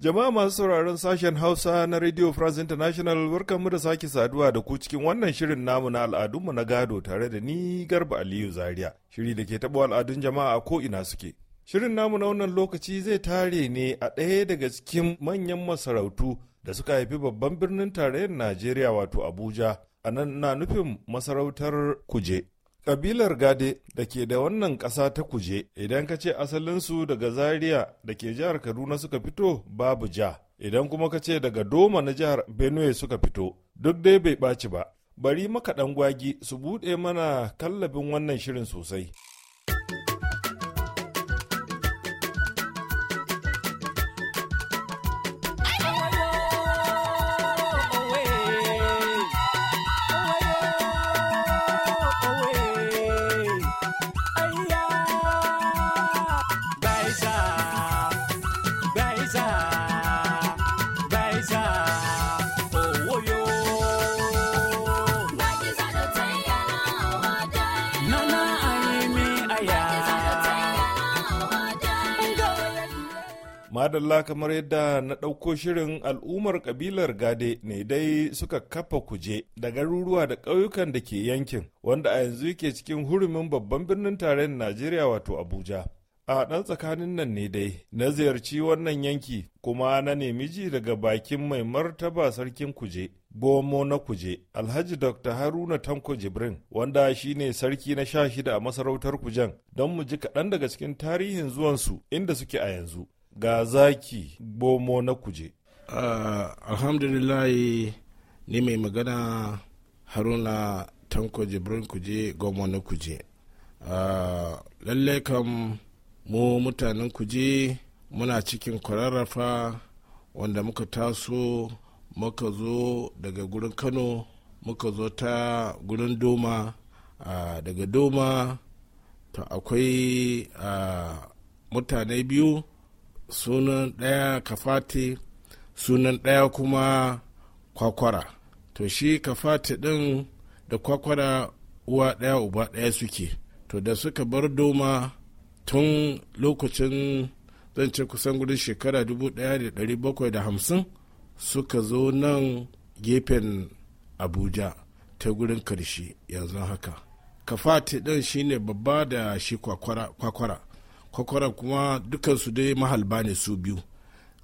Jama'a masu sauraron sashen Hausa na Radio France International mu da sake saduwa da ku cikin wannan shirin namu na al'adunmu na gado tare da ni Garba Aliyu Zaria. Shiri da ke taɓa al'adun jama'a a ina suke. Shirin namu na wannan lokaci zai tare ne a ɗaya daga cikin manyan masarautu da suka haifi babban birnin tarayyar Najeriya wato Abuja. A nan na nufin masarautar Kuje. Kabilar Gade da ke da wannan ƙasa ta kuje idan ka ce asalinsu daga Zaria da ke jihar Kaduna suka fito babu ja, idan kuma ka ce daga Doma na jihar Benue suka fito duk dai bai ɓaci ba. Bari makaɗan gwagi su buɗe mana kallabin wannan shirin sosai. adalla kamar yadda na ɗauko shirin al'ummar kabilar gade ne dai suka kafa kuje da garuruwa da ƙauyukan da ke yankin wanda a yanzu yake cikin hurumin babban birnin tarayyar najeriya wato abuja a ɗan tsakanin nan ne dai na ziyarci wannan yanki kuma na nemi ji daga bakin mai martaba sarkin kuje bomo na kuje alhaji dr haruna tanko jibrin wanda shine sarki na sha shida a masarautar kujen don mu ji kaɗan daga cikin tarihin zuwansu inda suke a yanzu ga zaki bomo na kuje ah, alhamdulillah ni mai magana haruna tanko jibrin kuje gomo na kuje ah, lalle lallai kam mu mutanen kuje muna cikin kwararrafa wanda muka taso muka zo daga gurin kano muka zo ta gurin doma ah, daga doma to akwai mutane biyu sunan ɗaya kafati sunan ɗaya kuma kwakwara to shi kafati ɗin da kwakwara uwa ɗaya uba ɗaya suke to da suka bar doma tun lokacin zan ce kusan gudun shekara 1750 suka zo nan gefen abuja ta gurin karshe yanzu haka kafati ɗin shine babba da shi kwakwara kwakwara kuma dukansu dai mahalba ne su biyu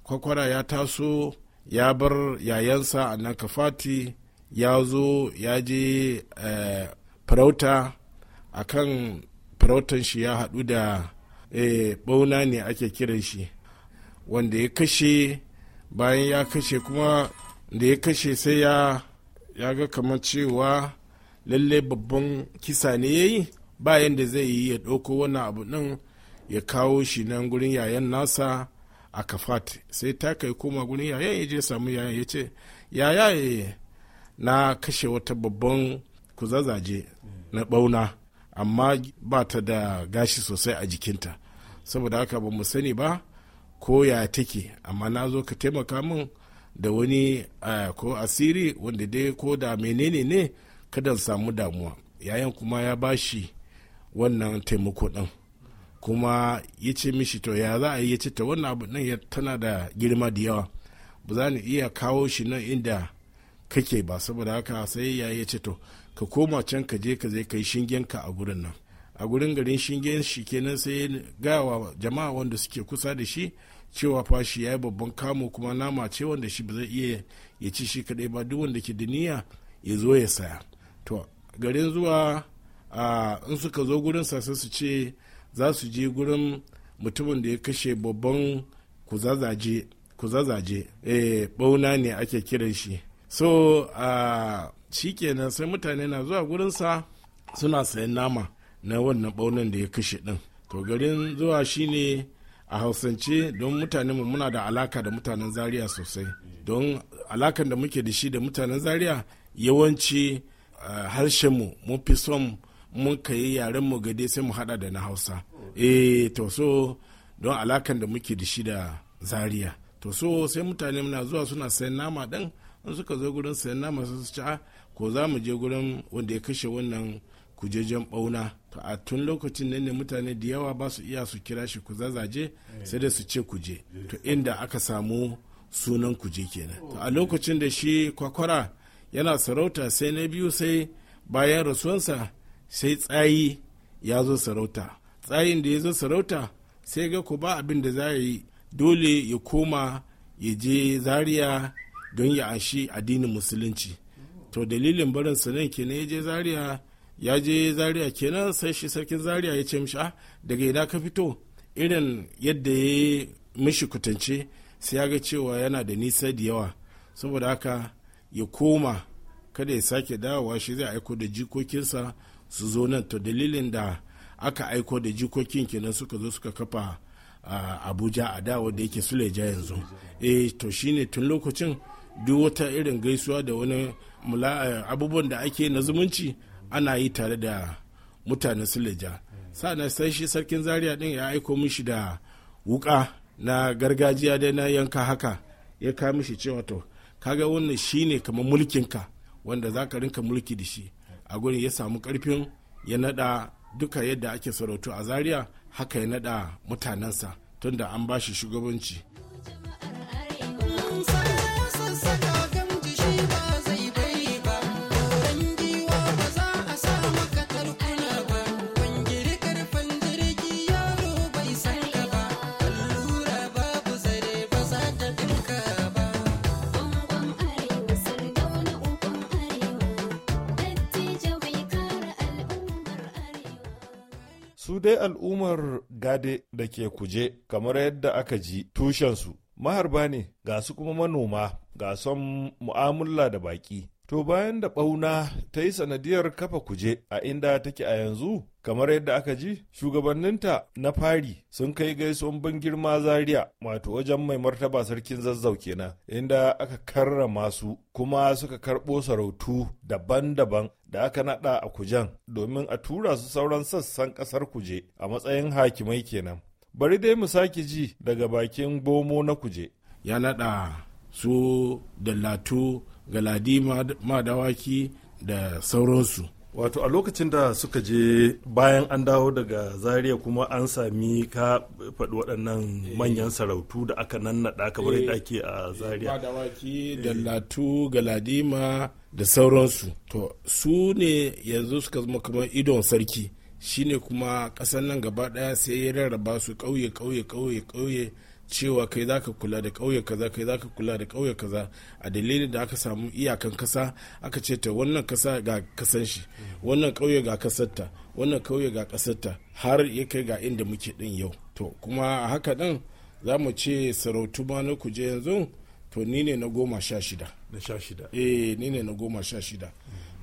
kwakwara ya taso ya bar yayansa a kafati ya zo ya je eh, farauta a kan farautan shi ya haɗu da bauna eh, ne ake kiran shi wanda ya kashe bayan ya kashe kuma da ya kashe sai ya ga kamar cewa lalle babban kisa ne ya yi bayan da zai yi ya ɗauko wannan abu ɗin ya kawo shi nan gurin yayan nasa a kafat sai ta kai koma gurin yayan ya je samu yayan ya ce yaya na kashe wata babban kuzazaje na bauna amma ba ta da gashi sosai a jikinta saboda haka ba mu sani ba ko ya take amma na zo ka taimaka min da wani ko asiri wanda dai ko da menene ne kada samu damuwa yayan kuma ya bashi wannan taimako ɗin. kuma ya ce mishi to ya za a yi ya ce ta wannan abu nan tana da girma da yawa ba za ni iya kawo shi nan inda kake ba saboda haka sai ya ya ce to ka koma can ka je ka zai kai ka a gurin nan a gurin garin shingen shi kenan sai gawa jama'a wanda suke kusa da shi cewa fa shi ya yi babban kamo kuma nama ce wanda shi ba zai iya ya ci shi kadai ba duk wanda ke da niyya ya zo ya saya to garin zuwa ah, in suka zo gurin sa sai su ce za su je gurin mutumin da ya kashe babban kuzazaje bauna eh, ne ake kiran shi so shi shikenan sai mutane na zuwa gurinsa suna sayan nama na wannan baunan da ya kashe din to garin zuwa shine a hausance don mutane muna da alaka da mutanen zaria sosai don alakan da muke da shi da mutanen zaria yawanci uh, harshenmu mu fi son mun ka yi yaren mu gade sai mu hada da na hausa eh to so don alakan da muke da shi da zaria to so sai mutane muna zuwa suna sayan nama din in suka zo gurin sayan nama su ci ah, ko za mu je gurin wanda ya kashe wannan kujejen bauna to a tun lokacin nan ne mutane da yawa ba su iya su kira shi zazaje sai da su ce kuje to inda aka samu sunan kuje kenan to a lokacin da shi kwakwara yana sarauta sai na biyu sai bayan rasuwansa sai tsayi ya zo sarauta tsayin da ya zo sarauta sai ga ku ba abin da za yi dole ya koma ya je zaria don ya ashi addinin musulunci to dalilin barin sanan kenan ya je zaria ya je zariya kenan sai shi sarkin zariya ya ce mishi ah, daga ina ka fito irin yadda ya mishi kutance sai ya ga cewa yana da nisa da yawa saboda haka ya koma kada ya sake dawowa shi zai aiko da jikokinsa su zo nan to dalilin da aka aiko da jikokin kenan suka zo suka kafa a abuja a da wanda yake suleja yanzu e to shine tun lokacin duk wata irin gaisuwa da wani abubuwan da ake na zumunci ana yi tare da mutanen suleja sa'ana sai shi sarkin zaria din ya aiko mishi da wuka na gargajiya da na yanka haka ya kawo mishi cewa to kaga wannan shine kamar mulkinka wanda za ka rinka mulki da shi a gurin ya samu karfin ya nada duka yadda ake sarautu a zaria haka ya nada mutanensa tunda an bashi shugabanci Su dai al'ummar gade da ke kuje kamar yadda aka ji tushensu maharba ne ga su kuma manoma ga son mu'amala da baƙi To bayan da ɓauna ta yi sanadiyar kafa kuje a inda take a yanzu, kamar yadda aka ji, shugabanninta na fari sun kai gaisuwan ban girma zaria wato wajen mai martaba sarkin zazzau kenan, inda aka karrama su kuma suka karɓo sarautu daban-daban da aka naɗa a kujen domin a tura su sauran sassan ƙasar kuje a matsayin hakimai kenan. Bari dai mu sake ji daga bakin bomo na kuje. Ya naɗa su dallatu galadi madawaki da sauransu wato a lokacin da suka je bayan an dawo daga zaria kuma an sami ka faɗi waɗannan eh. manyan sarautu da aka nannaɗa kamar yadda eh. ake a eh, zaria madawaki da latu galadima da sauransu to su ne yanzu suka zama kamar idon sarki shine kuma ƙasar nan gaba ɗaya sai ya rarraba su ƙauye ƙauye ƙauye ƙauye cewa kai za ka kula da ƙauye kaza kai za ka kula da ƙauye kaza a dalilin da aka samu iyakan kasa aka ce ta wannan kasa ga kasan shi wannan ƙauye ga kasarta wannan ƙauye ga kasarta har ya kai ga inda muke ɗin yau to kuma a haka ɗin za mu ce sarautu ma na kuje yanzu to ni ne na goma sha shida na sha shida eh ni ne na goma sha shida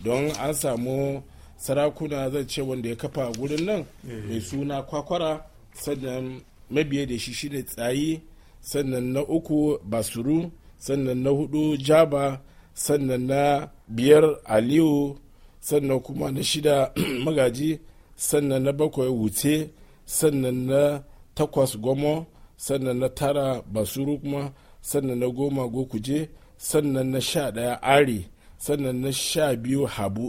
don an samu sarakuna zan ce wanda ya kafa gurin nan eh. mai suna kwakwara sannan mabiya da shi shine tsayi sannan na uku basuru sannan na hudu jaba sannan na biyar aliyu sannan kuma na shida magaji sannan na bakwai wuce sannan na takwas gomo sannan na tara basuru kuma sannan na goma gokuje sannan na sha daya ari sannan na sha biyu habu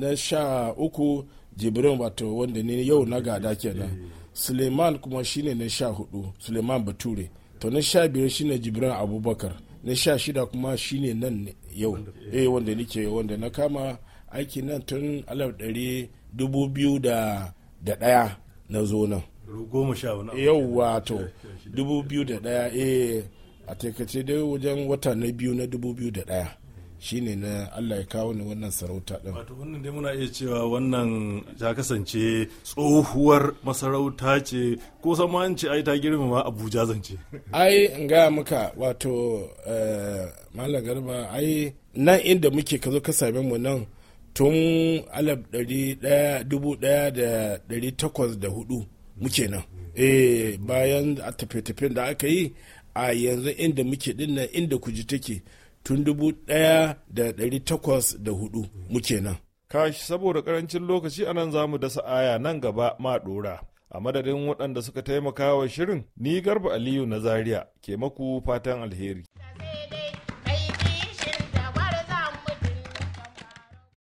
na sha uku jibrin wato wanda ne yau na gada kenan eh. suleiman kuma shine na sha hudu suleiman bature to na sha biyar shine jibran abubakar na sha shida kuma shine nan yau eh wanda nike wanda na kama aiki nan tun alaf ɗari dubu biyu da ɗaya na zo nan yau wato eh, dubu biyu da ɗaya eh a taikace dai wajen wata na biyu na dubu biyu da ɗaya shine na Allah ya kawo ni wannan sarauta din wato wannan dai muna iya cewa wannan ta kasance tsohuwar masarauta ce ko sama an ce ai ta girmama Abuja zance ai in ga muka wato eh, Malam Garba ai nan inda muke ka zo ka same mu nan tun alaf dubu ɗaya da ɗari takwas da hudu muke nan eh bayan a tafe-tafen da aka yi a yanzu inda muke dinnan inda kuji take tun dubu ɗaya da da ɗari takwas 1804 muke nan. Kashi saboda karancin lokaci a nan za dasa aya nan gaba ma ɗora. A madadin waɗanda suka taimaka wa shirin, ni Garba Aliyu na Zaria ke maku fatan alheri.